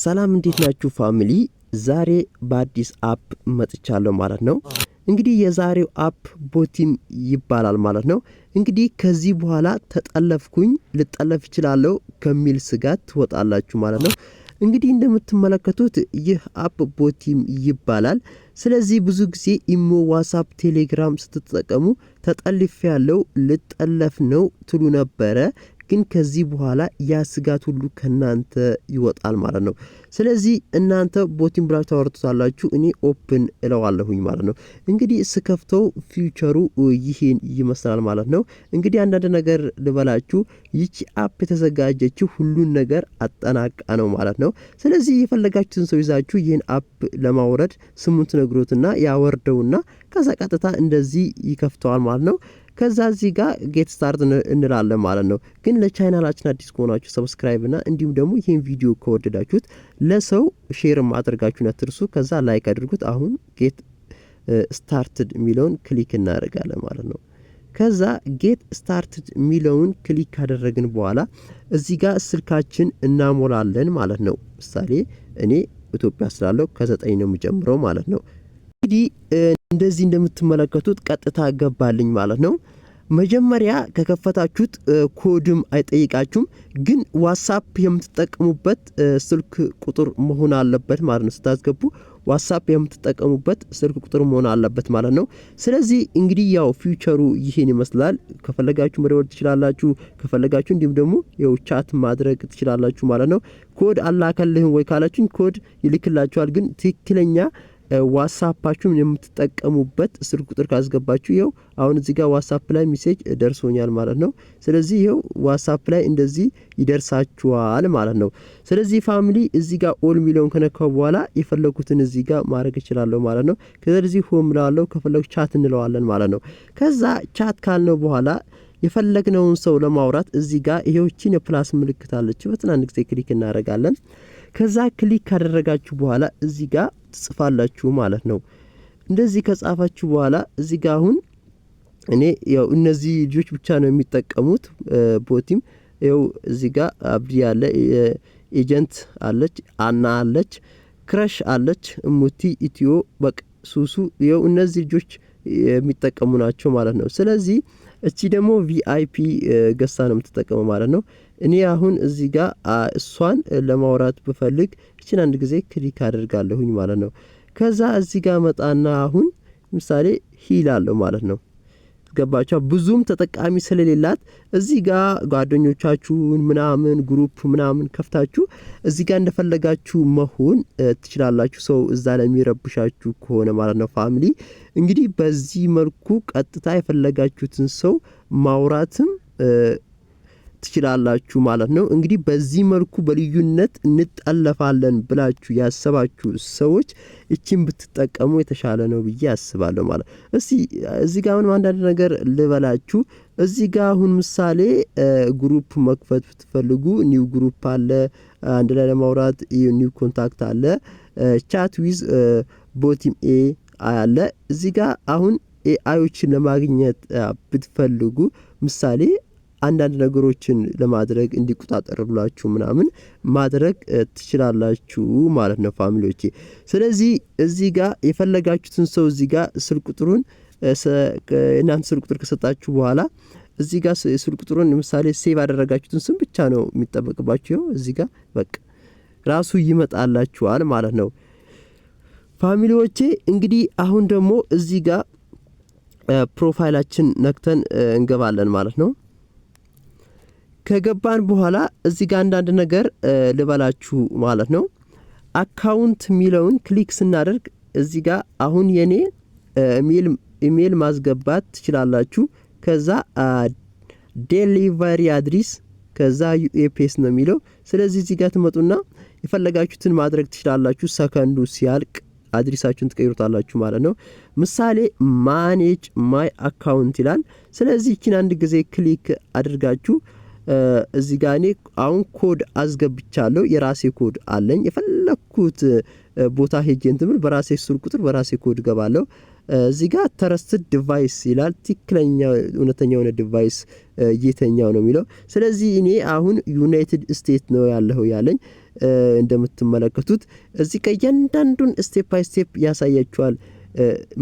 ሰላም እንዴት ናችሁ ፋሚሊ? ዛሬ በአዲስ አፕ መጥቻለሁ ማለት ነው። እንግዲህ የዛሬው አፕ ቦቲም ይባላል ማለት ነው። እንግዲህ ከዚህ በኋላ ተጠለፍኩኝ፣ ልጠለፍ እችላለሁ ከሚል ስጋት ትወጣላችሁ ማለት ነው። እንግዲህ እንደምትመለከቱት ይህ አፕ ቦቲም ይባላል። ስለዚህ ብዙ ጊዜ ኢሞ፣ ዋትሳፕ፣ ቴሌግራም ስትጠቀሙ ተጠልፍ ያለው ልጠለፍ ነው ትሉ ነበረ። ግን ከዚህ በኋላ ያ ስጋት ሁሉ ከእናንተ ይወጣል ማለት ነው። ስለዚህ እናንተ ቦቲን ብላችሁ ታወርቱታላችሁ፣ እኔ ኦፕን እለዋለሁኝ ማለት ነው። እንግዲህ ስከፍተው ፊውቸሩ ይሄን ይመስላል ማለት ነው። እንግዲህ አንዳንድ ነገር ልበላችሁ፣ ይቺ አፕ የተዘጋጀችው ሁሉን ነገር አጠናቃ ነው ማለት ነው። ስለዚህ የፈለጋችሁትን ሰው ይዛችሁ ይህን አፕ ለማውረድ ስሙን ትነግሮትና ያወርደውና ከዛ ቀጥታ እንደዚህ ይከፍተዋል ማለት ነው። ከዛ እዚህ ጋር ጌት ስታርት እንላለን ማለት ነው። ግን ለቻናላችን አዲስ ከሆናችሁ ሰብስክራይብ ና እንዲሁም ደግሞ ይህን ቪዲዮ ከወደዳችሁት ለሰው ሼር ማድረጋችሁን አትርሱ። ከዛ ላይክ አድርጉት። አሁን ጌት ስታርትድ የሚለውን ክሊክ እናደርጋለን ማለት ነው። ከዛ ጌት ስታርትድ የሚለውን ክሊክ ካደረግን በኋላ እዚህ ጋር ስልካችን እናሞላለን ማለት ነው። ምሳሌ እኔ ኢትዮጵያ ስላለው ከዘጠኝ ነው የምጀምረው ማለት ነው። እንግዲህ እንደዚህ እንደምትመለከቱት ቀጥታ ገባልኝ ማለት ነው። መጀመሪያ ከከፈታችሁት ኮድም አይጠይቃችሁም፣ ግን ዋትሳፕ የምትጠቀሙበት ስልክ ቁጥር መሆን አለበት ማለት ነው። ስታስገቡ ዋትሳፕ የምትጠቀሙበት ስልክ ቁጥር መሆን አለበት ማለት ነው። ስለዚህ እንግዲህ ያው ፊውቸሩ ይህን ይመስላል። ከፈለጋችሁ መደወል ትችላላችሁ፣ ከፈለጋችሁ እንዲሁም ደግሞ ያው ቻት ማድረግ ትችላላችሁ ማለት ነው። ኮድ አላከልህም ወይ ካላችሁኝ ኮድ ይልክላችኋል፣ ግን ትክክለኛ ዋትሳፓችሁን የምትጠቀሙበት ስልክ ቁጥር ካስገባችሁ ይኸው አሁን እዚህ ጋር ዋትሳፕ ላይ ሚሴጅ ደርሶኛል ማለት ነው። ስለዚህ ይኸው ዋትሳፕ ላይ እንደዚህ ይደርሳችኋል ማለት ነው። ስለዚህ ፋሚሊ እዚህ ጋር ኦል ሚሊዮን ከነካው በኋላ የፈለጉትን እዚህ ጋር ማድረግ እችላለሁ ማለት ነው። ከዚህ ሆም እለዋለሁ፣ ከፈለጉ ቻት እንለዋለን ማለት ነው። ከዛ ቻት ካልነው በኋላ የፈለግነውን ሰው ለማውራት እዚህ ጋር ይሄዎችን የፕላስ ምልክት አለች። በትናንት ጊዜ ክሊክ እናደርጋለን። ከዛ ክሊክ ካደረጋችሁ በኋላ እዚህ ጋር ትጽፋላችሁ ማለት ነው። እንደዚህ ከጻፋችሁ በኋላ እዚህ ጋር አሁን እኔ ያው እነዚህ ልጆች ብቻ ነው የሚጠቀሙት ቦቲም ያው እዚህ ጋር አብዲ አለ፣ ኤጀንት አለች፣ አና አለች፣ ክረሽ አለች፣ እሙቲ ኢትዮ፣ በቅ ሱሱ ያው እነዚህ ልጆች የሚጠቀሙ ናቸው ማለት ነው። ስለዚህ እቺ ደግሞ ቪአይፒ ገሳ ነው የምትጠቀመው ማለት ነው። እኔ አሁን እዚህ ጋር እሷን ለማውራት ብፈልግ እችን አንድ ጊዜ ክሊክ አደርጋለሁኝ ማለት ነው። ከዛ እዚህ ጋር መጣና አሁን ምሳሌ ሂል አለው ማለት ነው። ገባቸው ብዙም ተጠቃሚ ስለሌላት እዚህ ጋር ጓደኞቻችሁን ምናምን ግሩፕ ምናምን ከፍታችሁ እዚህ ጋር እንደፈለጋችሁ መሆን ትችላላችሁ። ሰው እዛ ለሚረብሻችሁ የሚረብሻችሁ ከሆነ ማለት ነው። ፋሚሊ እንግዲህ በዚህ መልኩ ቀጥታ የፈለጋችሁትን ሰው ማውራትም ትችላላችሁ ማለት ነው። እንግዲህ በዚህ መልኩ በልዩነት እንጠለፋለን ብላችሁ ያሰባችሁ ሰዎች እችን ብትጠቀሙ የተሻለ ነው ብዬ አስባለሁ። ማለት እስቲ እዚህ ጋር ምንም አንዳንድ ነገር ልበላችሁ። እዚህ ጋር አሁን ምሳሌ ግሩፕ መክፈት ብትፈልጉ ኒው ግሩፕ አለ፣ አንድ ላይ ለማውራት ኒው ኮንታክት አለ፣ ቻት ዊዝ ቦቲም ኤ አለ። እዚህ ጋር አሁን ኤአዮችን ለማግኘት ብትፈልጉ ምሳሌ አንዳንድ ነገሮችን ለማድረግ እንዲቆጣጠርላችሁ ምናምን ማድረግ ትችላላችሁ ማለት ነው ፋሚሊዎቼ። ስለዚህ እዚህ ጋር የፈለጋችሁትን ሰው እዚህ ጋር ስልክ ቁጥሩን እናንተ ስልክ ቁጥር ከሰጣችሁ በኋላ እዚህ ጋር ስልክ ቁጥሩን ለምሳሌ ሴቭ ያደረጋችሁትን ስም ብቻ ነው የሚጠበቅባችሁ። ይኸው እዚህ ጋር በቃ ራሱ ይመጣላችኋል ማለት ነው ፋሚሊዎቼ። እንግዲህ አሁን ደግሞ እዚህ ጋር ፕሮፋይላችን ነክተን እንገባለን ማለት ነው። ከገባን በኋላ እዚህ ጋር አንዳንድ ነገር ልበላችሁ ማለት ነው። አካውንት የሚለውን ክሊክ ስናደርግ እዚህ ጋር አሁን የኔ ኢሜይል ማስገባት ትችላላችሁ። ከዛ ዴሊቨሪ አድሪስ ከዛ ዩኤፒኤስ ነው የሚለው። ስለዚህ እዚህ ጋር ትመጡና የፈለጋችሁትን ማድረግ ትችላላችሁ። ሰከንዱ ሲያልቅ አድሪሳችሁን ትቀይሩታላችሁ ማለት ነው። ምሳሌ ማኔጅ ማይ አካውንት ይላል። ስለዚህ ይችን አንድ ጊዜ ክሊክ አድርጋችሁ እዚህ ጋ እኔ አሁን ኮድ አስገብቻለሁ። የራሴ ኮድ አለኝ። የፈለግኩት ቦታ ሄጄ እንትምል በራሴ ስር ቁጥር በራሴ ኮድ ገባለሁ። እዚህ ጋ ተረስትድ ዲቫይስ ይላል። ትክክለኛ እውነተኛ የሆነ ዲቫይስ እየተኛው ነው የሚለው። ስለዚህ እኔ አሁን ዩናይትድ ስቴት ነው ያለሁ ያለኝ እንደምትመለከቱት እዚህ ጋ እያንዳንዱን ስቴፕ ባይ ስቴፕ ያሳያችኋል።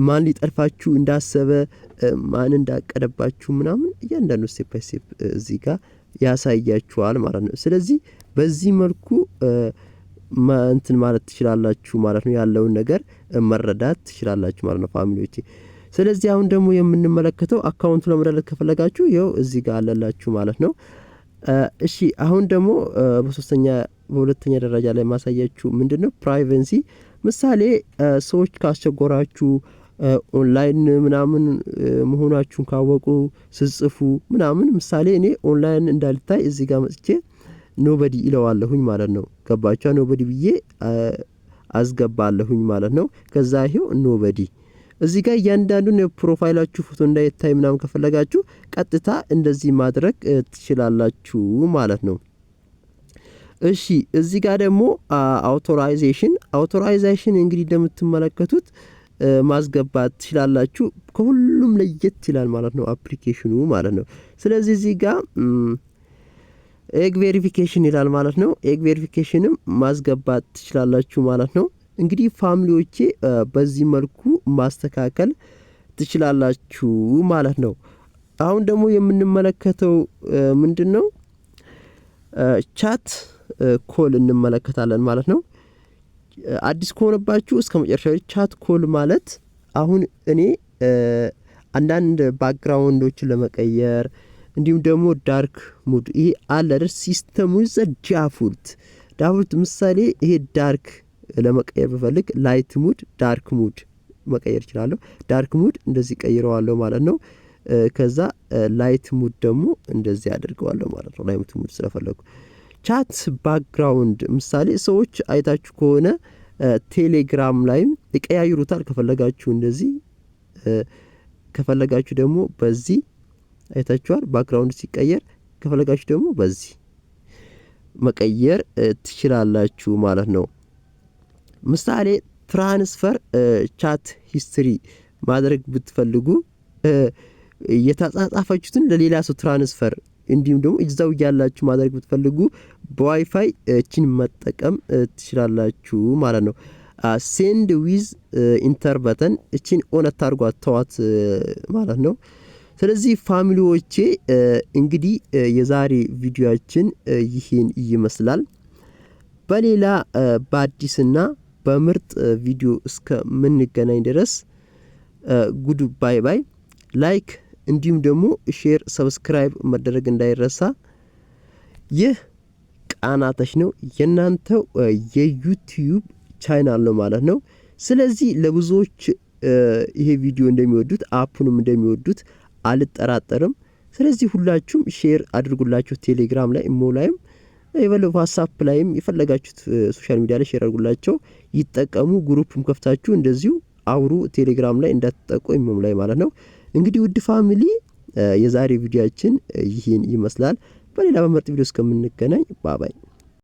ማን ሊጠልፋችሁ እንዳሰበ ማን እንዳቀደባችሁ ምናምን እያንዳንዱ ስቴፕ ባይ ስቴፕ እዚህ ጋር ያሳያችኋል ማለት ነው። ስለዚህ በዚህ መልኩ እንትን ማለት ትችላላችሁ ማለት ነው። ያለውን ነገር መረዳት ትችላላችሁ ማለት ነው ፋሚሊዎቼ። ስለዚህ አሁን ደግሞ የምንመለከተው አካውንቱ ለመዳለት ከፈለጋችሁ ይኸው እዚህ ጋር አለላችሁ ማለት ነው። እሺ አሁን ደግሞ በሶስተኛ በሁለተኛ ደረጃ ላይ ማሳያችሁ ምንድን ነው ፕራይቬንሲ ምሳሌ ሰዎች ካስቸጎራችሁ ኦንላይን ምናምን መሆናችሁን ካወቁ ስጽፉ ምናምን ምሳሌ እኔ ኦንላይን እንዳልታይ እዚህ ጋር መጽቼ ኖበዲ ይለዋለሁኝ ማለት ነው። ገባቸ ኖበዲ ብዬ አስገባለሁኝ ማለት ነው። ከዛ ይሄው ኖበዲ እዚህ ጋር እያንዳንዱን የፕሮፋይላችሁ ፎቶ እንዳይታይ ምናምን ከፈለጋችሁ ቀጥታ እንደዚህ ማድረግ ትችላላችሁ ማለት ነው። እሺ እዚህ ጋር ደግሞ አውቶራይዜሽን አውቶራይዜሽን እንግዲህ እንደምትመለከቱት ማስገባት ትችላላችሁ። ከሁሉም ለየት ይላል ማለት ነው አፕሊኬሽኑ ማለት ነው። ስለዚህ እዚህ ጋር ኤግ ቬሪፊኬሽን ይላል ማለት ነው። ኤግ ቬሪፊኬሽንም ማስገባት ትችላላችሁ ማለት ነው። እንግዲህ ፋሚሊዎቼ በዚህ መልኩ ማስተካከል ትችላላችሁ ማለት ነው። አሁን ደግሞ የምንመለከተው ምንድን ነው ቻት ኮል እንመለከታለን ማለት ነው። አዲስ ከሆነባችሁ እስከ መጨረሻ ቻት ኮል ማለት አሁን እኔ አንዳንድ ባክግራውንዶችን ለመቀየር እንዲሁም ደግሞ ዳርክ ሙድ ይሄ አለደር ሲስተሙ ዘ ዳፉልት ዳፉልት ምሳሌ ይሄ ዳርክ ለመቀየር ብፈልግ ላይት ሙድ ዳርክ ሙድ መቀየር ይችላለሁ ዳርክ ሙድ እንደዚህ ቀይረዋለሁ ማለት ነው። ከዛ ላይት ሙድ ደግሞ እንደዚህ አደርገዋለሁ ማለት ነው። ላይት ሙድ ስለፈለግኩ ቻት ባክግራውንድ ምሳሌ ሰዎች አይታችሁ ከሆነ ቴሌግራም ላይም ይቀያይሩታል። ከፈለጋችሁ እንደዚህ ከፈለጋችሁ ደግሞ በዚህ አይታችኋል። ባክግራውንድ ሲቀየር ከፈለጋችሁ ደግሞ በዚህ መቀየር ትችላላችሁ ማለት ነው። ምሳሌ ትራንስፈር ቻት ሂስትሪ ማድረግ ብትፈልጉ የተጻጻፋችሁትን ለሌላ ሰው ትራንስፈር እንዲሁም ደግሞ እዛው እያላችሁ ማድረግ ብትፈልጉ በዋይፋይ እችን መጠቀም ትችላላችሁ ማለት ነው። ሴንድ ዊዝ ኢንተር በተን እችን ኦነት አድርጓት ተዋት ማለት ነው። ስለዚህ ፋሚሊዎቼ እንግዲህ የዛሬ ቪዲዮችን ይህን ይመስላል። በሌላ በአዲስና በምርጥ ቪዲዮ እስከምንገናኝ ድረስ ጉድ ባይ ባይ ላይክ እንዲሁም ደግሞ ሼር፣ ሰብስክራይብ መደረግ እንዳይረሳ። ይህ ቃናተሽ ነው የእናንተው የዩቲዩብ ቻናል ነው ማለት ነው። ስለዚህ ለብዙዎች ይሄ ቪዲዮ እንደሚወዱት አፑንም እንደሚወዱት አልጠራጠርም። ስለዚህ ሁላችሁም ሼር አድርጉላችሁ ቴሌግራም ላይ ሞ ላይም የበለፈ ሀሳፕ ላይም የፈለጋችሁት ሶሻል ሚዲያ ላይ ሼር አድርጉላቸው ይጠቀሙ። ግሩፕም ከፍታችሁ እንደዚሁ አውሩ። ቴሌግራም ላይ እንዳትጠቁ ኢሞም ላይ ማለት ነው። እንግዲህ ውድ ፋሚሊ የዛሬ ቪዲዮችን ይህን ይመስላል። በሌላ በምርጥ ቪዲዮ እስከምንገናኝ ባባይ